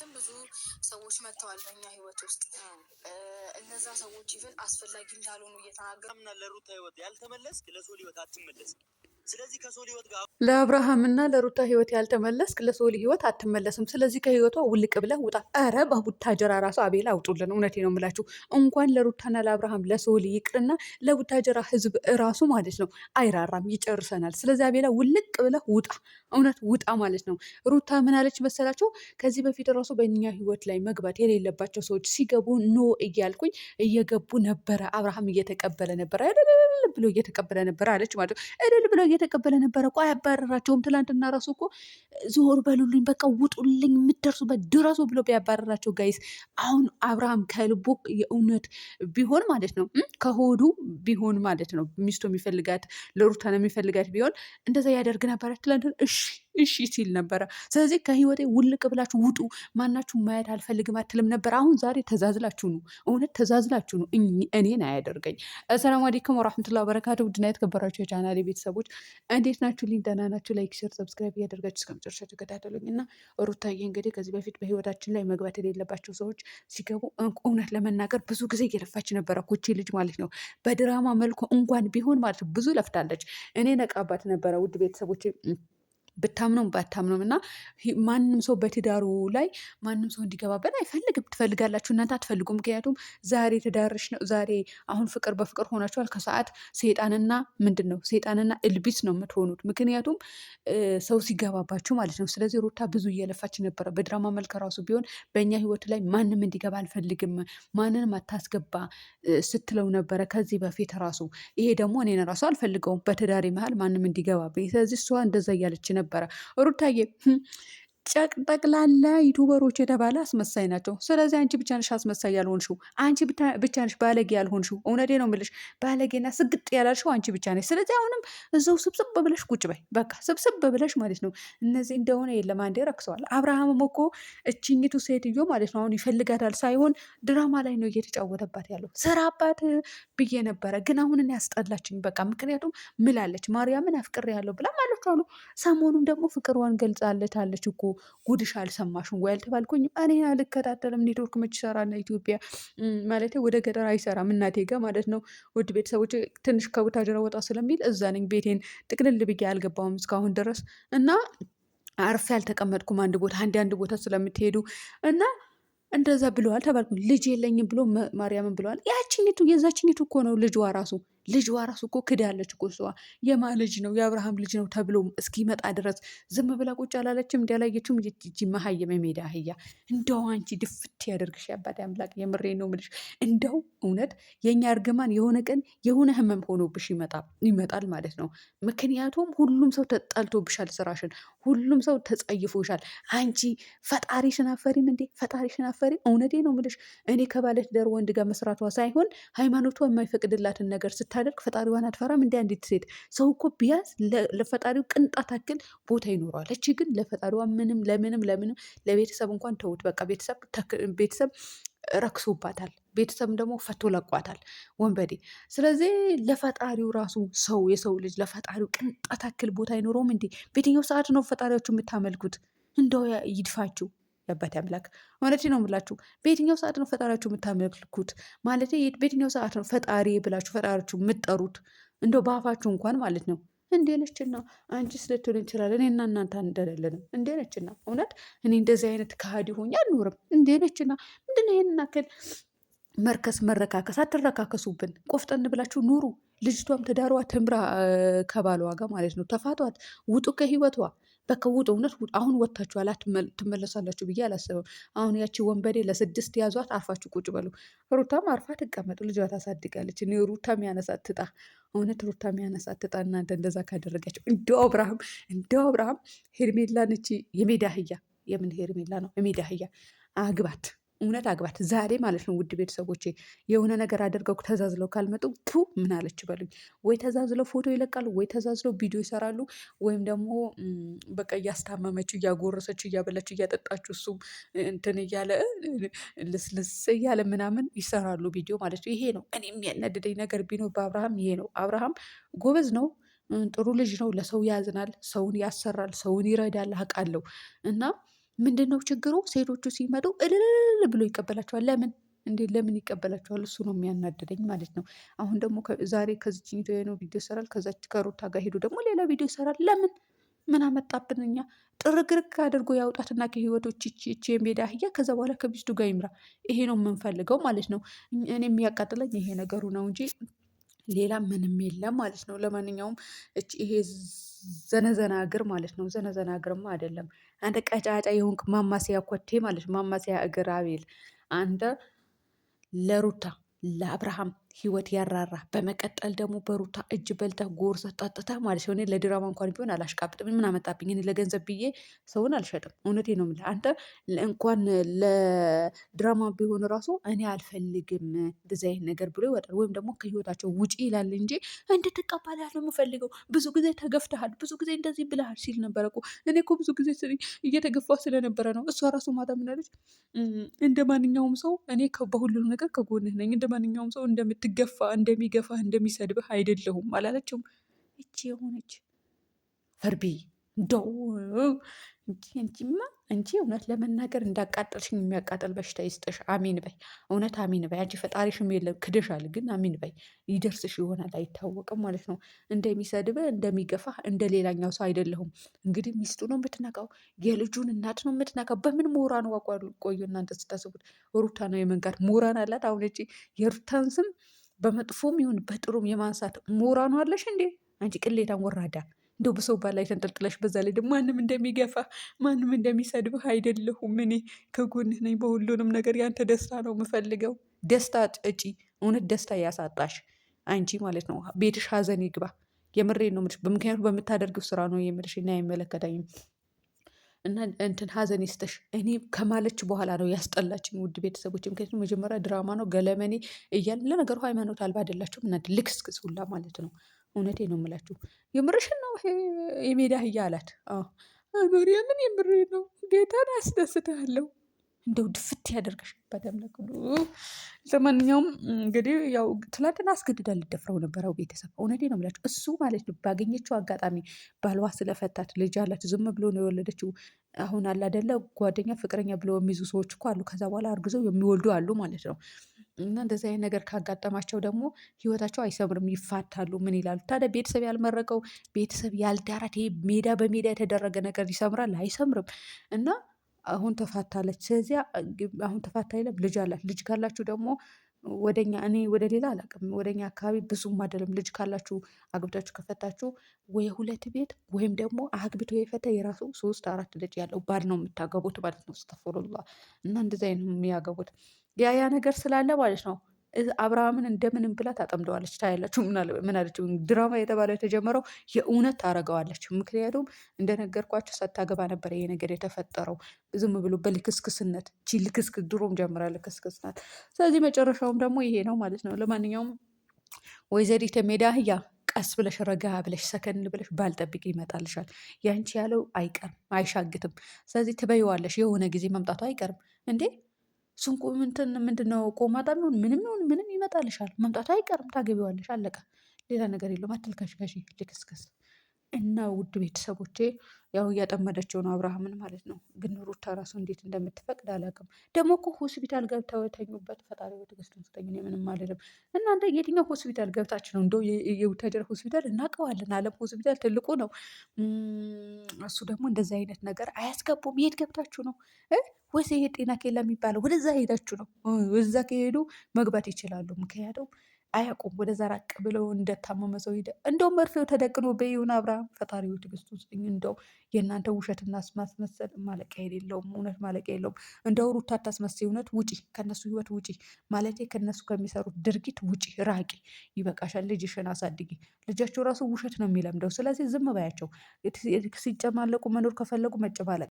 ምክንያቱም ብዙ ሰዎች መጥተዋል በእኛ ህይወት ውስጥ እነዛ ሰዎች ይፍን አስፈላጊ እንዳልሆኑ እየተናገሩ ምና ለሩታ ህይወት ያልተመለስክ ለሶል ህይወት አትመለስ። ስለዚህ ከሶል ህይወት ጋር ለአብርሃምና ለሩታ ህይወት ያልተመለስክ ለሶሊ ህይወት አትመለስም። ስለዚህ ከህይወቷ ውልቅ ብለህ ውጣ። ኧረ በቡታጀራ ራሱ አቤላ አውጡልን። እውነቴ ነው የምላችሁ። እንኳን ለሩታና ለአብርሃም ለሶሊ ይቅርና ለቡታጀራ ህዝብ ራሱ ማለት ነው አይራራም፣ ይጨርሰናል። ስለዚህ አቤላ ውልቅ ብለህ ውጣ፣ እውነት ውጣ ማለት ነው። ሩታ ምን አለች መሰላቸው? ከዚህ በፊት ራሱ በእኛ ህይወት ላይ መግባት የሌለባቸው ሰዎች ሲገቡ ኖ እያልኩኝ እየገቡ ነበረ። አብርሃም እየተቀበለ ነበረ፣ እልል ብሎ እየተቀበለ ነበረ አለች ማለት ነው። እልል ብሎ እየተቀበለ ነበረ ቢያባረራቸውም ትላንትና ራሱ እኮ ዞር በሉልኝ፣ በቃ ውጡልኝ፣ የምትደርሱበት ድረሱ ብሎ ቢያባረራቸው ጋይስ፣ አሁን አብርሃም ከልቦ የእውነት ቢሆን ማለት ነው ከሆዱ ቢሆን ማለት ነው ሚስቱ የሚፈልጋት ለሩታን የሚፈልጋት ቢሆን እንደዛ ያደርግ ነበረ ትላንትና እሺ እሺ ሲል ነበረ። ስለዚህ ከህይወቴ ውልቅ ብላችሁ ውጡ፣ ማናችሁ ማየት አልፈልግም አትልም ነበር። አሁን ዛሬ ተዛዝላችሁ ነው፣ እውነት ተዛዝላችሁ ነው። እኔን አያደርገኝ። አሰላሙ አለይኩም ወራህመቱላ በረካቱ። ውድና የተከበራችሁ የቻናሌ ቤተሰቦች እንዴት ናችሁ? ሊን ደህና ናችሁ? ላይክ፣ ሼር፣ ሰብስክራይብ እያደርጋችሁ እስከ መጨረሻ ተከታተሉኝ እና ሩታዬ፣ እንግዲህ ከዚህ በፊት በህይወታችን ላይ መግባት የሌለባቸው ሰዎች ሲገቡ እውነት ለመናገር ብዙ ጊዜ እየለፋች ነበረ። ኮቼ ልጅ ማለት ነው በድራማ መልኩ እንኳን ቢሆን ማለት ነው ብዙ ለፍታለች። እኔ ነቃባት ነበረ ውድ ቤተሰቦች ብታምኖም ባታምኖም እና ማንም ሰው በትዳሩ ላይ ማንም ሰው እንዲገባበት አይፈልግም። ትፈልጋላችሁ እናንተ አትፈልጉም። ምክንያቱም ዛሬ ትዳርሽ ነው። ዛሬ አሁን ፍቅር በፍቅር ሆናችኋል። ከሰዓት ሴጣንና ምንድን ነው ሴጣንና እልቢት ነው የምትሆኑት። ምክንያቱም ሰው ሲገባባችሁ ማለት ነው። ስለዚህ ሩታ ብዙ እየለፋች ነበረ። በድራማ መልክ ራሱ ቢሆን በእኛ ህይወት ላይ ማንም እንዲገባ አልፈልግም፣ ማንንም አታስገባ ስትለው ነበረ ከዚህ በፊት ራሱ። ይሄ ደግሞ እኔን ራሱ አልፈልገውም በትዳሬ መሀል ማንም እንዲገባብኝ። ስለዚህ እሷ እንደዛ እያለች ነበር ነበረ ሩታዬ ጨቅ ጠቅላላ ዩቱበሮች የተባለ አስመሳይ ናቸው። ስለዚህ አንቺ ብቻ ነሽ አስመሳይ ያልሆንሽው፣ አንቺ ብቻ ነሽ ባለጌ ያልሆንሽው። እውነቴ ነው የምልሽ፣ ባለጌና ስግጥ ያላልሽው አንቺ ብቻ ነሽ። ስለዚህ አሁንም እዛው ስብስብ ብለሽ ቁጭ በይ፣ በቃ ስብስብ ብለሽ ማለት ነው። እነዚህ እንደሆነ የለም አንዴ ረክሰዋል። አብርሃምም እኮ እችኝቱ ሴትዮ ማለት ነው አሁን ይፈልጋታል ሳይሆን ድራማ ላይ ነው እየተጫወተባት ያለው። ስራ አባት ብዬ ነበረ፣ ግን አሁን እኔ ያስጠላችኝ በቃ። ምክንያቱም ምላለች ማርያምን አፍቅሬ ያለው ብላ ማለት አሉ። ሰሞኑም ደግሞ ፍቅሯን ገልጻለች አለች እኮ ጉድሽ አልሰማሽም ወይ አልተባልኩኝም። እኔ አልከታተልም። ኔትወርክ መች ይሰራና ኢትዮጵያ ማለት ወደ ገጠር አይሰራም። እናቴ ጋር ማለት ነው። ውድ ቤተሰቦች ትንሽ ከቡታጅራ ወጣ ስለሚል እዛ ነኝ። ቤቴን ጥቅልል ብዬ አልገባውም እስካሁን ድረስ እና አርፌ አልተቀመጥኩም። አንድ ቦታ አንድ አንድ ቦታ ስለምትሄዱ እና እንደዛ ብለዋል ተባልኩኝ። ልጅ የለኝም ብሎ ማርያምን ብለዋል። ያችኝቱ የዛችኝቱ እኮ ነው ልጅዋ ራሱ ልጅዋ ራሱ እኮ ክዳለች እኮ እሷ። የማ ልጅ ነው የአብርሃም ልጅ ነው ተብሎ እስኪመጣ ድረስ ዝም ብላ ቁጭ አላለችም። እንዲያላየችም እጅ መሀየም የሜዳ አህያ እንደው አንቺ ድፍት ያደርግሽ ያባት አምላክ። የምሬ ነው የምልሽ። እንደው እውነት የእኛ እርግማን የሆነ ቀን የሆነ ህመም ሆኖብሽ ይመጣል ማለት ነው። ምክንያቱም ሁሉም ሰው ተጣልቶብሻል፣ ስራሽን ሁሉም ሰው ተጸይፎሻል። አንቺ ፈጣሪሽን አፈሪም እንዴ? ፈጣሪሽን አፈሪም። እውነቴ ነው የምልሽ እኔ ከባለትዳር ወንድ ጋር መስራቷ ሳይሆን ሃይማኖቷ የማይፈቅድላትን ነገር ስታ ሳታደርግ ፈጣሪዋን አትፈራም። እንዲ አንዲት ሴት ሰው እኮ ቢያዝ ለፈጣሪው ቅንጣት አክል ቦታ ይኖረዋል። እቺ ግን ለፈጣሪዋ ምንም ለምንም ለምንም ለቤተሰብ እንኳን ተውት። በቃ ቤተሰብ ረክሶባታል። ቤተሰብ ደግሞ ፈቶ ለቋታል ወንበዴ። ስለዚህ ለፈጣሪው ራሱ ሰው የሰው ልጅ ለፈጣሪው ቅንጣት አክል ቦታ አይኖረውም እንዴ? በየትኛው ሰዓት ነው ፈጣሪያችሁ የምታመልኩት? እንደው ይድፋችሁ። ያለበት አምላክ እውነት ነው የምላችሁ። በየትኛው ሰዓት ነው ፈጣሪያችሁ የምታመልኩት? ማለት በየትኛው ሰዓት ነው ፈጣሪ ብላችሁ ፈጣሪያችሁ የምትጠሩት? እንደው በአፋችሁ እንኳን ማለት ነው። እንዴ ነችና አንቺ ስለትሆን እንችላለን እኔና እናንተ እንደለለንም። እንዴ ነችና እውነት እኔ እንደዚህ አይነት ከሃዲ ሆኜ አልኖርም። እንዴ ነችና ምንድነው ይህን ናክል መርከስ መረካከስ፣ አትረካከሱብን። ቆፍጠን ብላችሁ ኑሩ። ልጅቷም ትዳሯ ትምራ ከባሏ ጋር ማለት ነው። ተፋቷት፣ ውጡ ከህይወቷ በቃ ውጡ። እውነት አሁን ወጥታችኋል፣ ትመለሳላችሁ ብዬ አላስብም። አሁን ያቺ ወንበዴ ለስድስት ያዟት፣ አርፋችሁ ቁጭ በሉ። ሩታም አርፋ ትቀመጥ፣ ልጇ ታሳድጋለች። እኔ ሩታም ሚያነሳት ትጣ፣ እውነት ሩታም ሚያነሳት ትጣ። እናንተ እንደዛ ካደረጋቸው እንደ አብርሃም እንደ አብርሃም ሄርሜላን እቺ የሜዳ አህያ የምን ሄርሜላ ነው የሜዳ አህያ አግባት እውነት አግባት ዛሬ ማለት ነው። ውድ ቤተሰቦቼ የሆነ ነገር አድርገው ተዛዝለው ካልመጡ ቱ ምን አለች በሉኝ። ወይ ተዛዝለው ፎቶ ይለቃሉ፣ ወይ ተዛዝለው ቪዲዮ ይሰራሉ፣ ወይም ደግሞ በቃ እያስታመመች እያጎረሰች እያበላች እያጠጣችው እሱም እንትን እያለ ልስልስ እያለ ምናምን ይሰራሉ ቪዲዮ ማለት ነው። ይሄ ነው እኔ የሚያነድደኝ ነገር ቢኖር በአብርሃም ይሄ ነው። አብርሃም ጎበዝ ነው። ጥሩ ልጅ ነው። ለሰው ያዝናል፣ ሰውን ያሰራል፣ ሰውን ይረዳል። አውቃለሁ እና ምንድን ነው ችግሩ? ሴቶቹ ሲመጡ እልል ብሎ ይቀበላቸዋል። ለምን እንዴ ለምን ይቀበላቸዋል? እሱ ነው የሚያናደደኝ ማለት ነው። አሁን ደግሞ ዛሬ ከዚችኝቱ ነው ቪዲዮ ይሰራል፣ ከዛች ከሩታ ጋር ሄዱ ደግሞ ሌላ ቪዲዮ ይሰራል። ለምን ምን አመጣብን እኛ? ጥርግርግ አድርጎ ያውጣትና ከህይወቶች ቺ ሜዳ አህያ ከዛ በኋላ ከቢስቱ ጋር ይምራ። ይሄ ነው የምንፈልገው ማለት ነው። እኔ የሚያቃጥለኝ ይሄ ነገሩ ነው እንጂ ሌላ ምንም የለም ማለት ነው። ለማንኛውም ይሄ ዘነዘና እግር ማለት ነው። ዘነዘና እግርም አይደለም አንተ ቀጫጫ የሆንክ ማማሰያ ኮቴ ማለት ማማሰያ እግር አቤል አንተ ለሩታ ለአብርሃም ህይወት ያራራ። በመቀጠል ደግሞ በሩታ እጅ በልተህ ጎርሰ ጠጥታ ማለት ሲሆን ለድራማ እንኳን ቢሆን አላሽቃብጥም። ምን አመጣብኝ እኔ ለገንዘብ ብዬ ሰውን አልሸጥም። እውነቴ ነው የምልህ። አንተ እንኳን ለድራማ ቢሆን ራሱ እኔ አልፈልግም እንደዚህ አይነት ነገር ብሎ ይወጣል። ወይም ደግሞ ከህይወታቸው ውጪ ይላል እንጂ እንድትቀባል ያለ የምፈልገው። ብዙ ጊዜ ተገፍተሃል፣ ብዙ ጊዜ እንደዚህ ብለሃል ሲል ነበረ እኮ። እኔ እኮ ብዙ ጊዜ እየተገፋ ስለነበረ ነው። እሷ ራሱ ማታ ምናለች? እንደ ማንኛውም ሰው እኔ በሁሉ ነገር ከጎንህ ነኝ። እንደ ማንኛውም ሰው እንደምት እንድትገፋ እንደሚገፋህ እንደሚሰድብህ አይደለሁም አላለችውም። እቺ የሆነች ፈርቤ እንደው እንጂ እንጂማ እውነት ለመናገር እንዳቃጠልሽኝ የሚያቃጠል በሽታ ይስጠሽ። አሚን በይ፣ እውነት አሚን በይ። አንቺ ፈጣሪሽም የለም ክደሻል፣ ግን አሚን በይ። ይደርስሽ ይሆናል አይታወቅም ማለት ነው። እንደሚሰድበ እንደሚገፋ እንደ ሌላኛው ሰው አይደለሁም። እንግዲህ ሚስቱ ነው የምትነካው፣ የልጁን እናት ነው የምትነካው። በምን ሞራን ዋጓሉ ቆዩ እናንተ ስታስቡት። ሩታ ነው የመንካት ሞራን አላት። አሁን እቺ የሩታን ስም በመጥፎም ይሁን በጥሩም የማንሳት ሞራኑ አለሽ እንዴ አንቺ ቅሌታን ወራዳ እንደው በሰው ባላይ ተንጠልጥለሽ፣ በዛ ላይ ደግሞ ማንም እንደሚገፋ ማንም እንደሚሰድብህ አይደለሁም። እኔ ከጎንህ ነኝ በሁሉንም ነገር። ያንተ ደስታ ነው የምፈልገው። ደስታ እጪ፣ እውነት ደስታ ያሳጣሽ አንቺ ማለት ነው። ቤትሽ ሀዘን ይግባ። የምሬ ነው የምልሽ። በምክንያቱ በምታደርገው ስራ ነው የምልሽ እና አይመለከተኝም እና እንትን ሀዘን ይስጥሽ። እኔ ከማለች በኋላ ነው ያስጠላችኝ፣ ውድ ቤተሰቦች። ምክንያቱም መጀመሪያ ድራማ ነው ገለመኔ እያለ ለነገሩ ሃይማኖት አልባ አይደላችሁም እናንተ ልክስክስ ሁላ ማለት ነው። እውነቴ ነው የምላችሁ። የምርሽን ነው የሜዳ አህያ አላት። ማርያምን የምር ነው። ጌታን አስደስታለሁ። እንደው ድፍት ያደርግሽበት አምላክ። ለማንኛውም እንግዲህ ያው ትላንትና አስገድዳ ልደፍረው ነበረው ቤተሰብ። እውነቴ ነው የምላችሁ። እሱ ማለት ነው ባገኘችው አጋጣሚ ባልዋ ስለፈታት ልጅ አላት። ዝም ብሎ ነው የወለደችው። አሁን አላደለ ጓደኛ፣ ፍቅረኛ ብለው የሚይዙ ሰዎች እኮ አሉ። ከዛ በኋላ አርግዘው የሚወልዱ አሉ ማለት ነው። እና እንደዚህ አይነት ነገር ካጋጠማቸው ደግሞ ህይወታቸው አይሰምርም፣ ይፋታሉ። ምን ይላሉ ታዲያ? ቤተሰብ ያልመረቀው ቤተሰብ ያልዳራት ይሄ ሜዳ በሜዳ የተደረገ ነገር ይሰምራል? አይሰምርም። እና አሁን ተፋታለች። ስለዚያ አሁን ተፋታ የለም ልጅ አላት። ልጅ ካላችሁ ደግሞ ወደኛ እኔ ወደ ሌላ አላቅም። ወደኛ አካባቢ ብዙም አይደለም። ልጅ ካላችሁ አግብታችሁ ከፈታችሁ ወይ ሁለት ቤት ወይም ደግሞ አግብቶ የፈታ የራሱ ሶስት አራት ልጅ ያለው ባል ነው የምታገቡት ማለት ነው። ስተፍሩላ እና እንደዚ አይነት የሚያገቡት ያ ያ ነገር ስላለ ማለት ነው አብርሃምን እንደምንም ብላ ታጠምደዋለች። ታያላችሁ። ምን ድራማ የተባለው የተጀመረው የእውነት ታረገዋለች። ምክንያቱም እንደነገርኳቸው ሳታገባ ነበር ይሄ ነገር የተፈጠረው። ዝም ብሎ በልክስክስነት ቺ ልክስክስ ድሮም ጀምራ ልክስክስ ስለዚህ መጨረሻውም ደግሞ ይሄ ነው ማለት ነው። ለማንኛውም ወይዘሪት ሜዳ አህያ ቀስ ብለሽ ረጋ ብለሽ ሰከን ብለሽ ባልጠብቅ ይመጣልሻል። ያንቺ ያለው አይቀርም፣ አይሻግትም። ስለዚህ ትበይዋለሽ። የሆነ ጊዜ መምጣቱ አይቀርም እንዴ ስንቁ ምንትን ምንድነው ቆማጣ ሚሆን ምንም ይሁን ምንም ይመጣልሻል። መምጣቱ አይቀርም። ታገቢዋለሽ። አለቀ። ሌላ ነገር የለውም። አትልከሽከሺ፣ ልክስክስ እና ውድ ቤተሰቦቼ ያው እያጠመደችው ነው አብርሃምን ማለት ነው። ግን ሩታ ራሱ እንዴት እንደምትፈቅድ አላውቅም። ደግሞ እኮ ሆስፒታል ገብተው የተኙበት ፈጣሪ በትዕግስቱን ስጠኝ። እኔ ምንም አልልም። እናንተ የትኛው ሆስፒታል ገብታችሁ ነው? እንደው የቡታጀር ሆስፒታል እናውቀዋለን። አለም ሆስፒታል ትልቁ ነው። እሱ ደግሞ እንደዚህ አይነት ነገር አያስገቡም። የት ገብታችሁ ነው ወይስ ይሄ ጤና ኬላ የሚባለው ወደዛ ሄዳችሁ ነው? እዛ ከሄዱ መግባት ይችላሉ። ምክንያቱም አያውቁም። ወደዛ ራቅ ብለው እንደታመመ ሰው ሄደ። እንደው መርፌው ተደቅኖ በይሁን አብርሃም ፈጣሪው ትዕግስቱ ስኝ እንደው የእናንተ ውሸትና ማስመሰል ማለቂያ የሌለውም እውነት ማለቂያ የለውም። እንደው ሩታ አታስመስይ፣ እውነት ውጪ፣ ከነሱ ህይወት ውጪ ማለቴ ከነሱ ከሚሰሩት ድርጊት ውጪ፣ ራቂ፣ ይበቃሻል። ልጅሽን አሳድጊ። ልጃቸው ራሱ ውሸት ነው የሚለምደው። ስለዚህ ዝም ባያቸው። ሲጨማለቁ መኖር ከፈለጉ መጨባለቅ